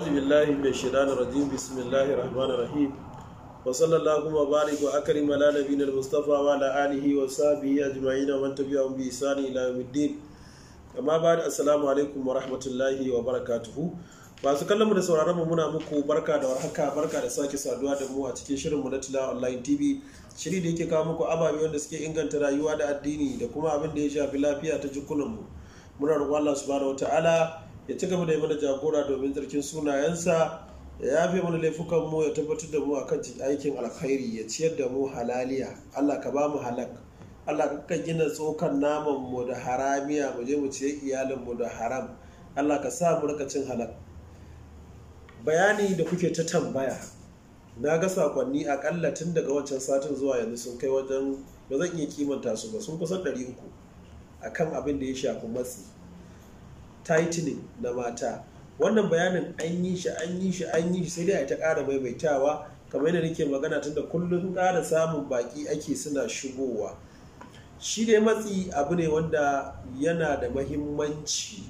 أعوذ بالله من الشيطان الرجيم بسم الله الرحمن الرحيم وصلى الله وبارك وأكرم على نبينا المصطفى وعلى آله وصحبه أجمعين ومن تبعهم بإحسان إلى يوم الدين أما بعد السلام عليكم ورحمة الله وبركاته masu kallon mu da sauraron mu muna muku barka da warhaka barka da sake saduwa da mu a cikin shirin mu na tilawa online tv shiri da yake kawo muku ababe wanda suke inganta rayuwa da addini da kuma abin da ya shafi lafiya ta jikunan mu muna roƙon Allah subhanahu wataala ya ci gaba da yi mana jagora domin zarkin sunayensa ya yafe mana laifukan mu ya tabbatar da mu akan aikin alkhairi ya ciyar da mu halaliya Allah ka ba mu halak Allah ka gina tsokan naman mu da haramiya mu je mu ciye iyalin mu da haram Allah ka sa mu rika cin halak bayani da kuke ta tambaya na ga sakonni akalla tun daga wancan satin zuwa yanzu sun kai wajen ba zan iya kimanta su ba sun kusan 300 akan abin da ya shafi matsi tightening na mata wannan bayanin an yi shi an yi shi an yi shi sai dai a ta kara maimaitawa kamar yadda nake magana tun da kullum ƙara samun baki ake suna shigowa shi dai matsi abu ne wanda yana da mahimmanci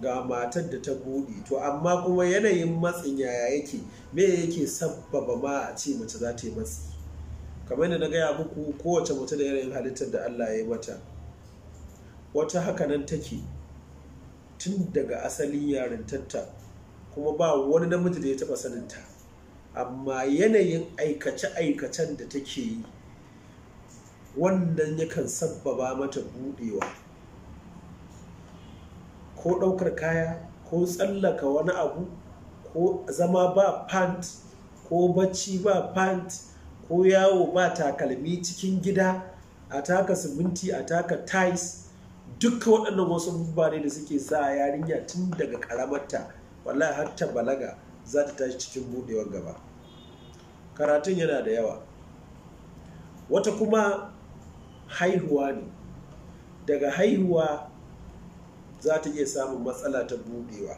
ga matar da ta buɗe to amma kuma yanayin matsin yaya yake me yake sabbaba ma a ce mace za ta yi matsi kamar yadda na gaya muku kowace mace da yanayin halittar da allah ya yi mata wata hakanan take tun daga asali yarintarta kuma ba wani namiji da ya taba saninta amma yanayin aikace-aikacen da take yi wannan yakan sabbaba mata buɗewa ko ɗaukar kaya ko tsallaka wani abu ko zama ba pant ko bacci ba pant ko yawo ba takalmi cikin gida a taka siminti a taka tiles Dukka waɗannan wasu abubuwa ne da suke sa yarinya tun daga karamarta wallahi har ta balaga za ta tashi cikin buɗewar gaba karatun yana da yawa wata kuma haihuwa ne daga haihuwa za ta iya samun matsala ta buɗewa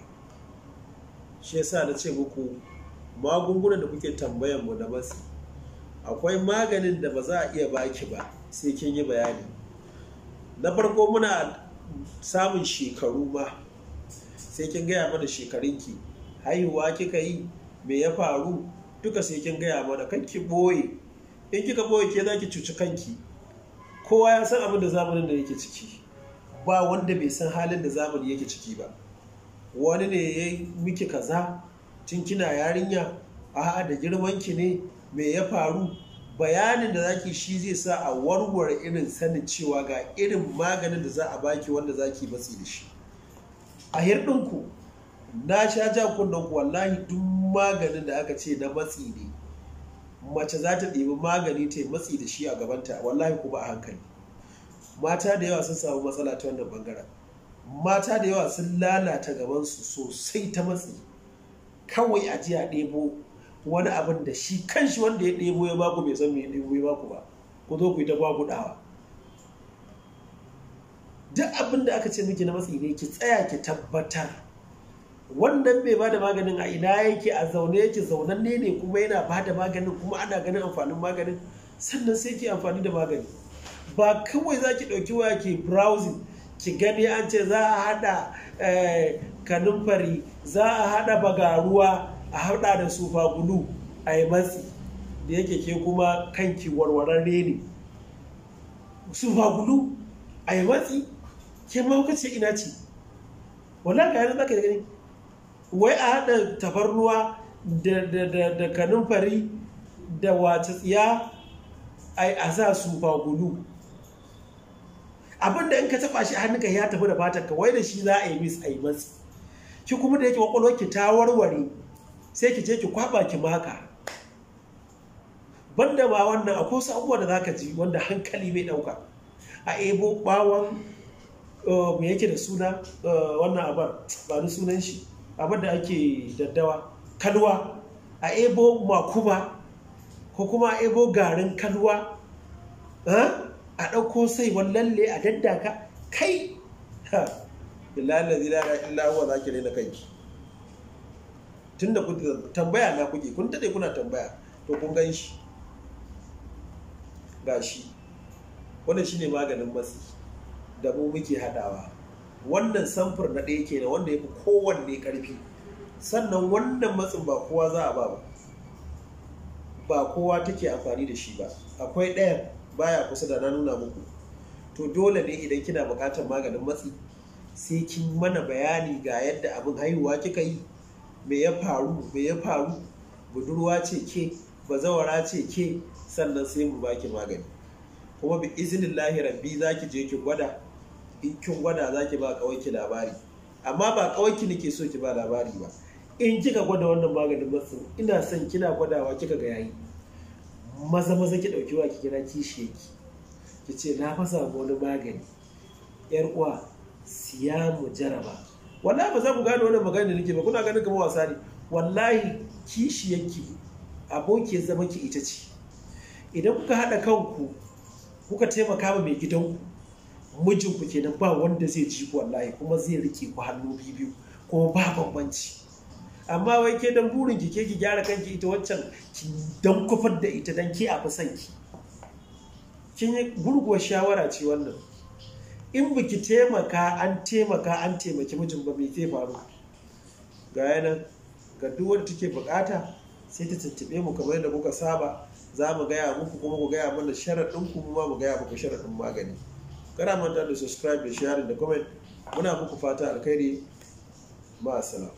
shi yasa na ce muku magungunan da kuke tambayan mu na matsi akwai maganin da ba za a iya baki ba sai kin yi bayani na farko muna samun shekaru ba. sai kin gaya mana shekarunki haihuwa kika yi me ya faru duka sai kin gaya mana kan ki boye in kika boye ke za ki cuci kanki kowa ya san abin da zamanin da yake ciki ba wanda bai san halin da zamani yake ciki ba wani ne ya yi miki kaza tun kina yarinya a da girmanki ne me ya faru bayanin da zaki shi zai sa a warware irin sanin cewa ga irin maganin da za a baki wanda zaki matsi da shi a hirɗinku na sha ja ku, wallahi duk maganin da aka ce na matsi ne mace za ta ɗebi magani ta matsi da shi a gabanta wallahi kuma a hankali mata da yawa sun samu matsala ta wannan bangaren mata da yawa sun lalata gabansu sosai ta matsi kawai a ɗebo wani abin da shi kanshi wanda ya ɗebo ya baku bai san mai ɗebo ya baku ba ku zo ku yi ta baku ɗawa duk abin da aka ce miki na matsi ne ki tsaya ki tabbatar wannan bai ba da maganin a ina yake a zaune yake zaunanne ne kuma yana bada maganin kuma ana ganin amfanin maganin sannan sai ki amfani da magani ba kawai za ki ɗauki waya ki browsing ki gani an ce za a haɗa eh, kanumfari za a haɗa bagaruwa a haɗa da sufa gulu a yi matsi da yake ke kuma kanki warwararre ne sufa gudu a yi matsi ke ce ina ce wannan ka yi zaka da gani wai a haɗa tafarnuwa da fari da wata tsiya a za sufa Abin abinda in ka taɓa shi a hannunka ya tafi da fatarka wai da shi za a yi mis a yi matsi ki kuma da yake kwakwalwarki ta warware sai ki je ki kwaba ki maka banda ma wannan akwai wasu abubuwa da zaka ji wanda hankali bai dauka a ebo bawon eh, me yake da suna eh, wannan abar ba ni sunan shi abar da ake daddawa kalwa a ebo makuba ko kuma a ebo garin kalwa eh, a ɗauko sai wallalle a daddaka kai ha billahi la ilaha illa huwa zaki kanki tunda ku tambaya na kuke kun tade kuna tambaya to kun gan shi Ga shi wannan ne maganin matsi da mu muke hadawa wannan samfur na ɗaya kenan wanda ya fi kowanne ƙarfi sannan wannan matsin ba kowa za a ba ba ba kowa take amfani da shi ba akwai ɗaya baya kusa da na nuna muku to dole ne idan kina buƙatar maganin matsi sai kin mana bayani ga yadda abin haihuwa kika yi me ya faru me ya faru budurwa ce ke bazawara ce ke sannan sai mu baki magani kuma bi izinin lahi rabbi za ki je ki gwada in kin gwada za ki ba kawai ki labari amma ba kawai ki nake so ki ba labari ba in kika gwada wannan maganin masu ina son kina gwadawa kika ga yayi maza maza ki dauki wa ki kira kishi ki ki ce na fasa wani magani yar uwa siya mu jaraba wallahi ba za ku gane wannan magana da nake ba kuna ganin kamar wasa ne wallahi kishiyarki abokiyar zama ki ita ce idan kuka haɗa kanku kuka taimaka ma mai gidanku mijinku kenan ba wanda zai ji ku wallahi kuma zai rike ku hannu biyu kuma ba bambanci amma wai ke dan burin ki ke ki gyara kanki ita waccan ki dan kufar da ita dan ke a fi son ki kin yi gurguwar shawara ce wannan in biki taimaka an taimaka an taimaki mijin ba mai zai faru ga yanan ga duk wanda take bukata sai ta tuntube mu kamar yadda muka saba za mu gaya muku kuma ku gaya mana sharaɗin ku kuma mu gaya muku sharaɗin magani kana manta da subscribe da sharing da comment muna muku fata alkhairi ma